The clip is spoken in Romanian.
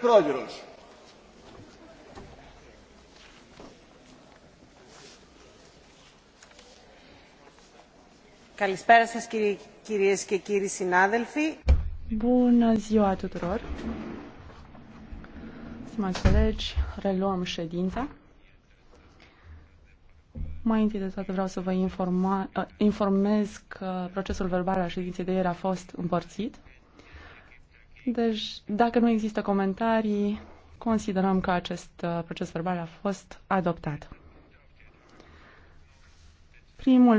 Πρόεδρος. Καλησπέρα σας κύριε, κυρίες και κύριοι συνάδελφοι. Bună ziua tuturor! Stimați colegi, reluăm ședința. Mai întâi de toate vreau să vă informa, uh, informez că procesul verbal al ședinței de ieri a fost împărțit. Deci, dacă nu există comentarii, considerăm că acest uh, proces verbal a fost adoptat. Primul